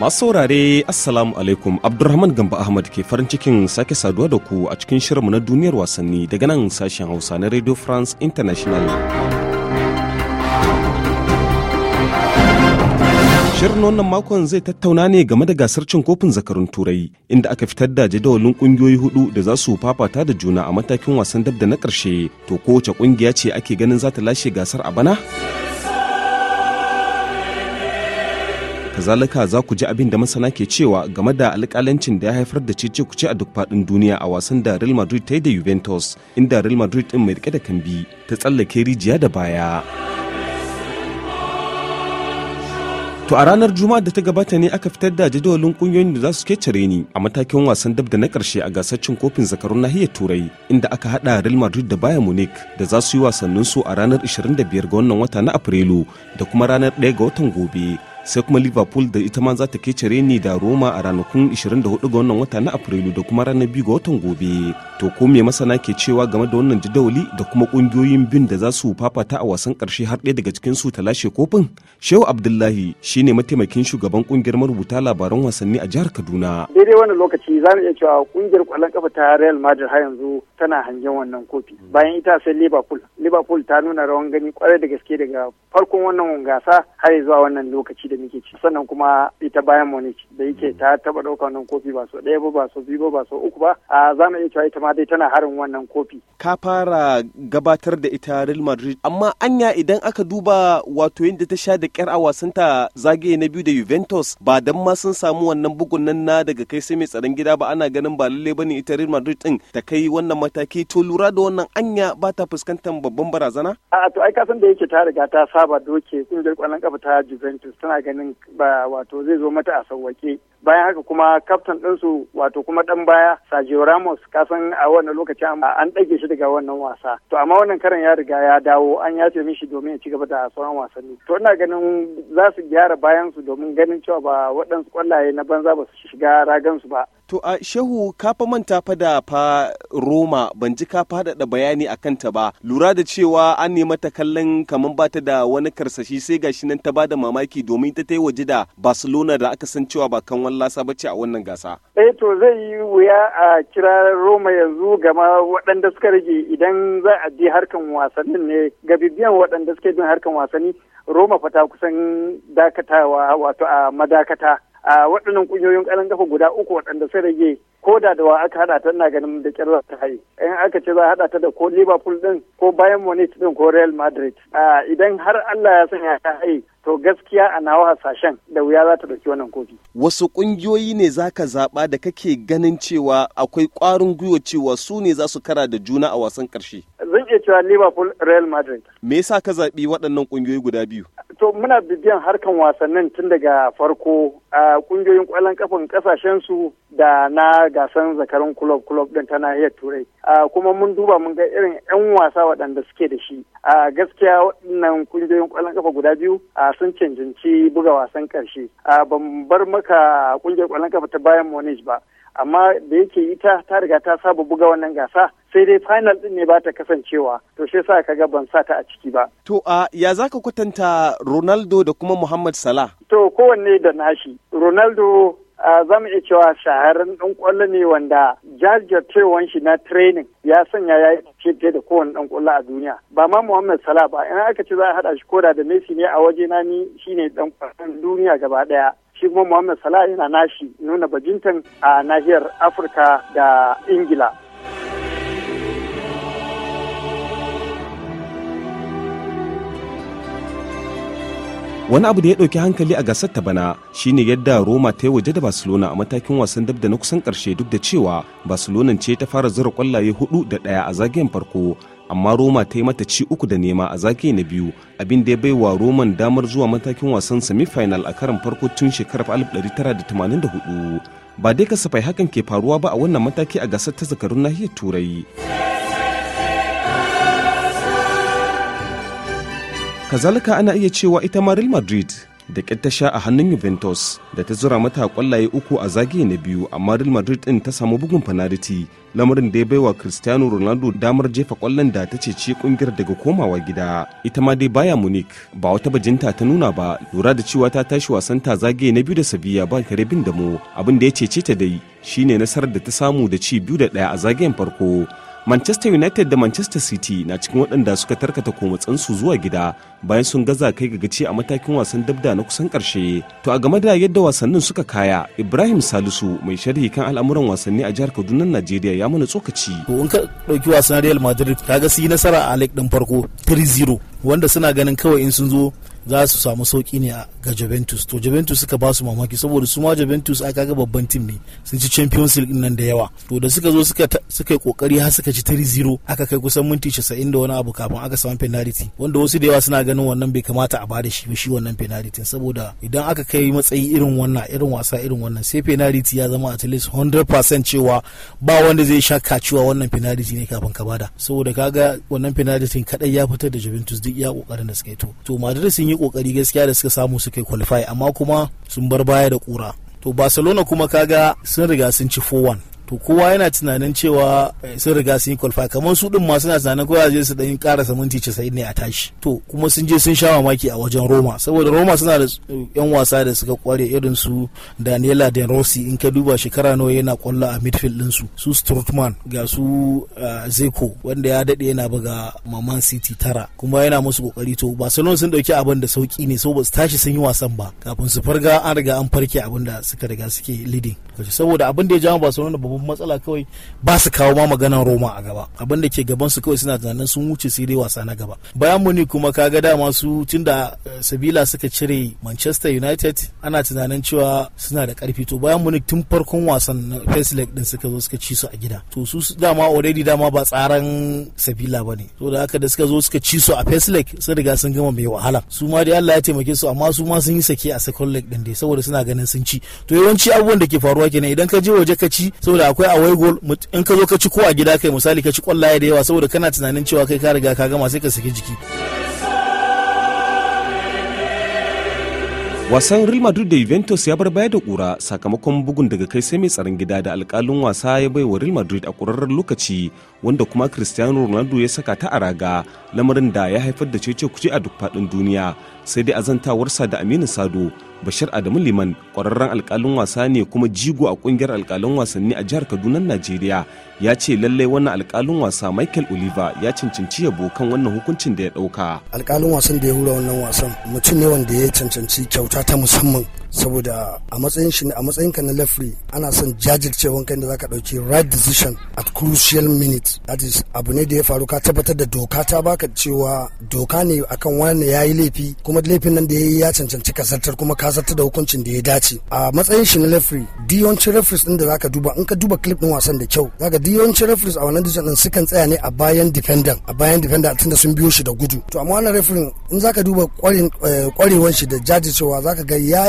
Masu saurare Assalamu alaikum Abdulrahman Gamba Ahmad ke farin cikin sake saduwa da ku a cikin shirinmu na duniyar wasanni daga nan sashen Hausa na Radio France International. Shirin wannan makon zai tattauna ne game da gasar cin kofin zakarun turai inda aka fitar da jadawalin kungiyoyi hudu da za su fafata da juna a matakin wasan dab da na karshe to kowace kungiya ce ake ganin za ta lashe gasar a bana? kazalika za ku ji abin da masana ke cewa game da alƙalancin da ya haifar da cece kuce a duk faɗin duniya a wasan da real madrid ta yi da juventus inda real madrid din mai rike da kambi ta tsallake rijiya da baya To a ranar Juma'a da ta gabata ne aka fitar da jadawalin kungiyoyin da za su kecere ni a matakin wasan dab da na karshe a gasar cin kofin zakarun nahiyar Turai inda aka hada Real Madrid da Bayern Munich da za su yi wasannin su a ranar 25 ga wannan wata na Afrilu da kuma ranar 1 ga watan gobe sai kuma liverpool da ita ma za ta kece reni da roma a ranakun 24 ga wannan wata na afrilu da kuma ranar biyu ga watan gobe to ko me masana ke cewa game da wannan jadawali da kuma kungiyoyin bin da za su fafata a wasan karshe har ɗaya daga cikin su ta lashe kofin shehu abdullahi shine mataimakin shugaban kungiyar marubuta labaran wasanni a jihar kaduna daidai wannan lokaci za mu iya cewa kungiyar kwallon kafa ta real madrid har yanzu tana hangen wannan kofi bayan ita sai liverpool liverpool ta nuna rawan gani kwarai da gaske daga farkon wannan gasa har zuwa wannan lokaci da muke ci sannan kuma ita bayan munich da yake mm. ta taba ɗauka wannan kofi ba so ɗaya ba ba so biyu ba ba so uku ba a za mu iya cewa ita ma dai tana harin wannan kofi ka fara gabatar da ita real madrid amma anya idan aka duba wato yadda ta sha da kyar a wasan ta zagaye na biyu da juventus ba dan ma sun samu wannan bugun nan na daga kai sai mai tsaron gida ba ana ganin ba lalle bane ita real madrid din ta kai wannan mataki to lura da wannan anya ba ta fuskantar babban barazana a to ai kasan da yake ta riga ta saba doke kungiyar kwallon kafa ta juventus tana ganin ba wato zai zo mata a sauwake bayan haka kuma kaftan ɗinsu wato kuma ɗan baya Sergio Ramos kasan a wannan lokaci an ɗage shi daga wannan wasa to amma wannan karan ya riga ya dawo an yace mishi domin ya ci gaba da sauran wasanni to ina ganin za su gyara bayan su domin ganin cewa ba waɗansu kwallaye na banza ba su shiga ragansu ba To a shehu kafa manta fa da fa Roma ban ji ka faɗaɗa bayani a kanta ba lura da cewa an nema ta kallon kamar ba ta da wani karsashi sai gashi nan ta bada mamaki domin ta yi waje da Barcelona da aka san cewa ba kan wallasa bace a wannan gasa. Eh to zai yi wuya a kira Roma yanzu gama waɗanda suka rage idan za a je harkan wasannin ne ga bibiyan waɗanda suke bin harkan wasanni Roma fata kusan dakatawa wato a madakata. a waɗannan ƙungiyoyin ƙaran kafa guda uku waɗanda sai rage ko da da aka haɗa ta ina ganin da kyar ta haye in aka ce za a haɗa ta da ko liverpool din ko bayan munich ɗin ko real madrid idan har allah ya sanya ta haye to gaskiya a nawa hasashen da wuya za ta ɗauki wannan kofi. wasu ƙungiyoyi ne zaka ka zaɓa da kake ganin cewa akwai ƙwarin gwiwa cewa su ne za su kara da juna a wasan karshe zan iya cewa liverpool real madrid. me yasa ka zaɓi waɗannan ƙungiyoyi guda biyu. to muna bibiyan harkan wasannin tun daga farko a kungiyoyin kwallon kafan kasashen su da na gasan zakarin kulob kulob din ta nahiyar turai a kuma mun duba mun ga irin yan wasa waɗanda suke da shi a gaskiya waɗannan kungiyoyin kwallon kafa guda biyu a sun cancanci buga wasan karshe a ban bar maka kungiyar kwallon kafa ta bayan monish ba amma da yake ita ta riga ta saba buga wannan gasa sai dai final din ne ba ta kasancewa to shi yasa kaga ban sa ta a ciki ba to a ya zaka kwatanta Ronaldo da kuma Muhammad Salah to kowanne da nashi Ronaldo a zama iya cewa shaharin ɗan ƙwallo ne wanda jajircewan shi na training ya sanya ya yi da kowane ɗan kwallo a duniya ba ma Muhammad Salah ba ina aka ce za a haɗa shi ko da Messi ne a waje na ni shine ɗan ƙwallon duniya gaba ɗaya shi kuma Muhammad Salah yana nashi nuna bajintan a nahiyar Afirka da Ingila wani abu da ya ɗauki hankali a gasar ta bana shine yadda roma ta yi waje da barcelona a matakin wasan dab da na kusan karshe duk da cewa barcelona ce ta fara zura kwallaye hudu da ɗaya a zagayen farko amma roma ta yi mata ci uku da nema a zagaye na biyu abin da ya bai wa roman damar zuwa matakin wasan semifinal a karon farko tun shekarar 1984 ba dai kasafai hakan ke faruwa ba a wannan mataki a gasar ta zakarun nahiyar turai kazalika ana iya cewa ita ma real madrid da ta sha a hannun Juventus da ta zura mata kwallaye uku a zagaye na biyu amma Real Madrid din ta samu bugun fanariti lamarin da ya baiwa Cristiano Ronaldo damar jefa kwallon da ta ci kungiyar daga komawa gida ita ma dai baya Munich ba wata bajinta ta nuna ba lura da cewa ta tashi wasan ta zagaye na biyu da Sevilla ba kare bin mu abin da ya cece ta dai shine nasarar da ta samu da ci biyu da ɗaya a zagayen farko manchester united da manchester city na cikin waɗanda suka tarkata komatsansu zuwa gida bayan sun gaza kai ga gaci a matakin wasan dabda na kusan ƙarshe to a game da yadda wasannin suka kaya ibrahim salisu mai sharhi kan al'amuran wasanni a jihar kaduna najeriya ya mana tsokaci to in ka ɗauki wasan real madrid kaga su yi nasara a lake ɗin farko 3-0 wanda suna ganin kawai in sun zo za su samu sauki ne ga Juventus to Juventus suka ba su mamaki saboda su ma Juventus aka ga babban tim ne sun ci Champions League nan da yawa to da suka zo suka suka yi kokari har suka ci 3-0 aka kai kusan minti 90 da wani abu kafin aka samu penalty wanda wasu da yawa suna ganin wannan bai kamata a bada shi shi wannan penalty saboda idan aka kai matsayi irin wannan irin wasa irin wannan sai penalty ya zama at least 100% cewa ba wanda zai sha kaciwa wannan penalty ne kafin ka bada saboda kaga wannan penalty kadai ya fitar da Juventus duk ya kokarin da suka yi to to Madrid sun yi kokari gaskiya da suka samu suka qualify amma kuma sun bar baya da kura to barcelona kuma kaga sun riga sun ci 4-1 to kowa yana tunanin cewa eh, sun riga sun yi kwalfa kamar su din ma suna tunanin kowa je su dan karasa minti 90 ne a tashi to kuma sun je sun sha mamaki a wajen Roma saboda Roma suna da yan wasa da suka kware irin su Daniela De Rossi in ka duba shekara nawa yana kwallo a midfield din su su Strutman ga su eh, Zeko wanda ya dade yana buga Maman City tara kuma yana musu kokari to Barcelona sun dauki abin da sauki ne saboda su tashi sun yi wasan ba kafin su farga an riga an farke abin da suka riga suke leading saboda abin da ya jawo Barcelona babban samu matsala kawai ba su kawo ma maganan roma a gaba abin da ke gaban su kawai suna tunanin sun wuce sai dai wasa na gaba bayan muni kuma kaga dama su tunda eh, sabila suka cire manchester united ana tunanin cewa suna da karfi to bayan muni tun farkon wasan na first leg din suka zo suka ci su a gida to su dama already dama ba tsaran sabila ba ne to da haka da suka zo suka ci su a first leg sun riga sun gama mai wahala su ma dai Allah ya taimake su amma su ma sun yi sake a second leg din dai saboda suna ganin sun ci to yawanci abubuwan da ke faruwa kenan idan ka je waje ka ci saboda akwai away goal in ka zo ka ci ko a gida kai misali ka ci kwallaye da yawa saboda kana tunanin cewa kai ka riga ka gama sai ka saki jiki wasan real madrid da juventus ya bar baya da kura sakamakon bugun daga kai sai mai tsaron gida da alkalin wasa ya bai wa real madrid a kurarren lokaci wanda kuma cristiano ronaldo ya saka ta a raga lamarin da ya haifar da cece kuce a duk faɗin duniya sai dai azantawarsa da aminu sado bashir adamu liman kwararren alkalin wasa ne kuma jigo a kungiyar alkalin wasanni a jihar kaduna najeriya ya ce lallai wannan alkalin wasa michael oliver ya cancanci yabo kan wannan hukuncin da ya dauka alkalin wasan da ya hura wannan wasan mutum ne wanda ya cancanci kyauta ta musamman saboda a matsayin shi a matsayin ka na lafri ana son jajircewan kai da zaka dauki right decision at crucial minute that is abu ne da ya faru ka tabbatar da doka ta baka cewa doka ne akan wani ya yi laifi kuma laifin nan da ya yi ya cancanci kasartar kuma zartar da hukuncin da ya dace a matsayin shi na lafri diyonci referees din da zaka duba in ka duba clip din wasan da kyau zaka diyonci referees a wannan decision din sukan tsaya ne a bayan defender a bayan defender tunda sun biyo shi da gudu to amma wannan referee in ka duba kwarewan eh, shi da jajircewa zaka ga ya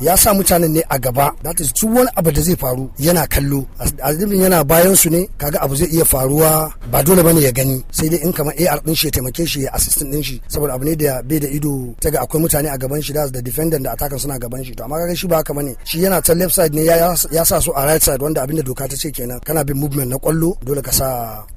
ya sa mutanen ne a gaba that is duk wani abu da zai faru yana kallo azumin yana bayan su ne kaga abu zai iya faruwa ba dole bane ya gani sai dai in kama AR din shi ya taimake shi ya assistant din shi saboda abu ne da bai da ido ta ga akwai mutane a gaban shi da da defender da attacker suna gaban shi to amma kaga shi ba haka bane shi yana ta left side ne ya ya sa su a right side wanda abin da doka ta ce kenan kana bin movement na kwallo dole ka sa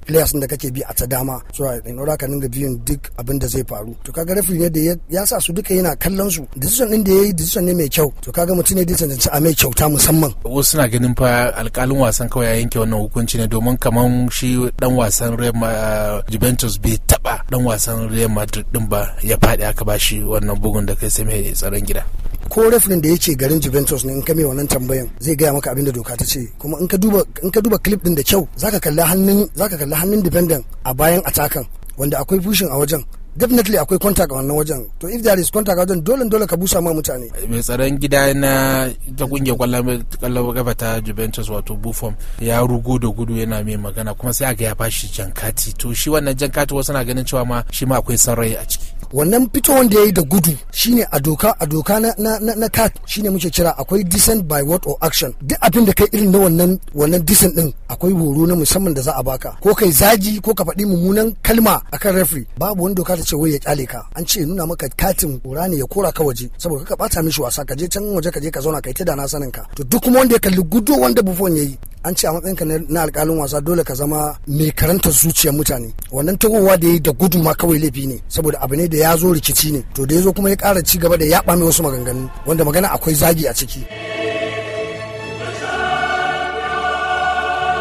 players din da kake bi a ta dama so in order ka dinga biyun duk abin da zai faru to kaga referee ne da ya sa su duka yana kallon su decision din da yayi decision ne mai kyau to kaga mutum ne dinsa cancanci a mai kyauta musamman wasu na ganin fa alkalin wasan kawai ya yanke wannan hukunci ne domin kaman shi dan wasan Real eh, Juventus bai taba dan wasan Real Madrid din ba ya faɗi aka ba shi wannan bugun da kai sai mai tsaron gida ko refirin da yake garin Juventus ne in ka mai wannan tambayan zai gaya maka abin da doka ta ce kuma in ka duba in ka duba clip din da kyau zaka kalla hannun zaka kalla hannun defendant a bayan atakan wanda akwai fushin a wajen definitely akwai contact wannan wajen to if there is contact wajen dole dole ka busa ma mutane mai tsaron gida na ta kungiyar kwallon gaba ta Juventus wato Buffon ya rugo da gudu yana mai magana kuma sai aka ya bashi jankati. to shi wannan jankati wasu na ganin cewa ma shi ma akwai san rai a ciki wannan fitowar da ya yi da gudu shine a doka a doka na na na na cat shine muke kira akwai descent by word or action duk abin da kai irin na wannan wannan descent din akwai horo na musamman da za a baka ko kai zaji ko ka faɗi mummunan kalma akan referee babu wani doka ta ce wai ya kyale ka an ce nuna maka katin kura ne ya kora ka waje saboda ka bata mishi wasa ka je can waje ka je ka zauna kai ta da sanin ka to duk kuma wanda ya kalli gudu wanda ya yayi an ce a matsayin matsayinka na alƙalin wasa dole ka zama mai karanta zuciyar mutane wannan tagowa da ya da gudu ma kawai laifi ne saboda abu ne da ya zo rikici ne to da ya zo kuma ya ƙara ci gaba da ya ɓame wasu maganganu wanda magana akwai zagi a ciki.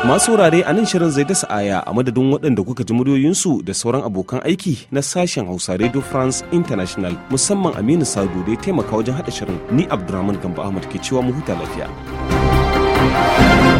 Masu wurare a nan shirin zai dasa aya a madadin waɗanda kuka ji muryoyinsu da sauran abokan aiki na sashen Hausa Radio France International musamman Aminu Sadu da ya taimaka wajen haɗa shirin ni Abdulrahman Gamba Ahmad ke cewa mu huta lafiya.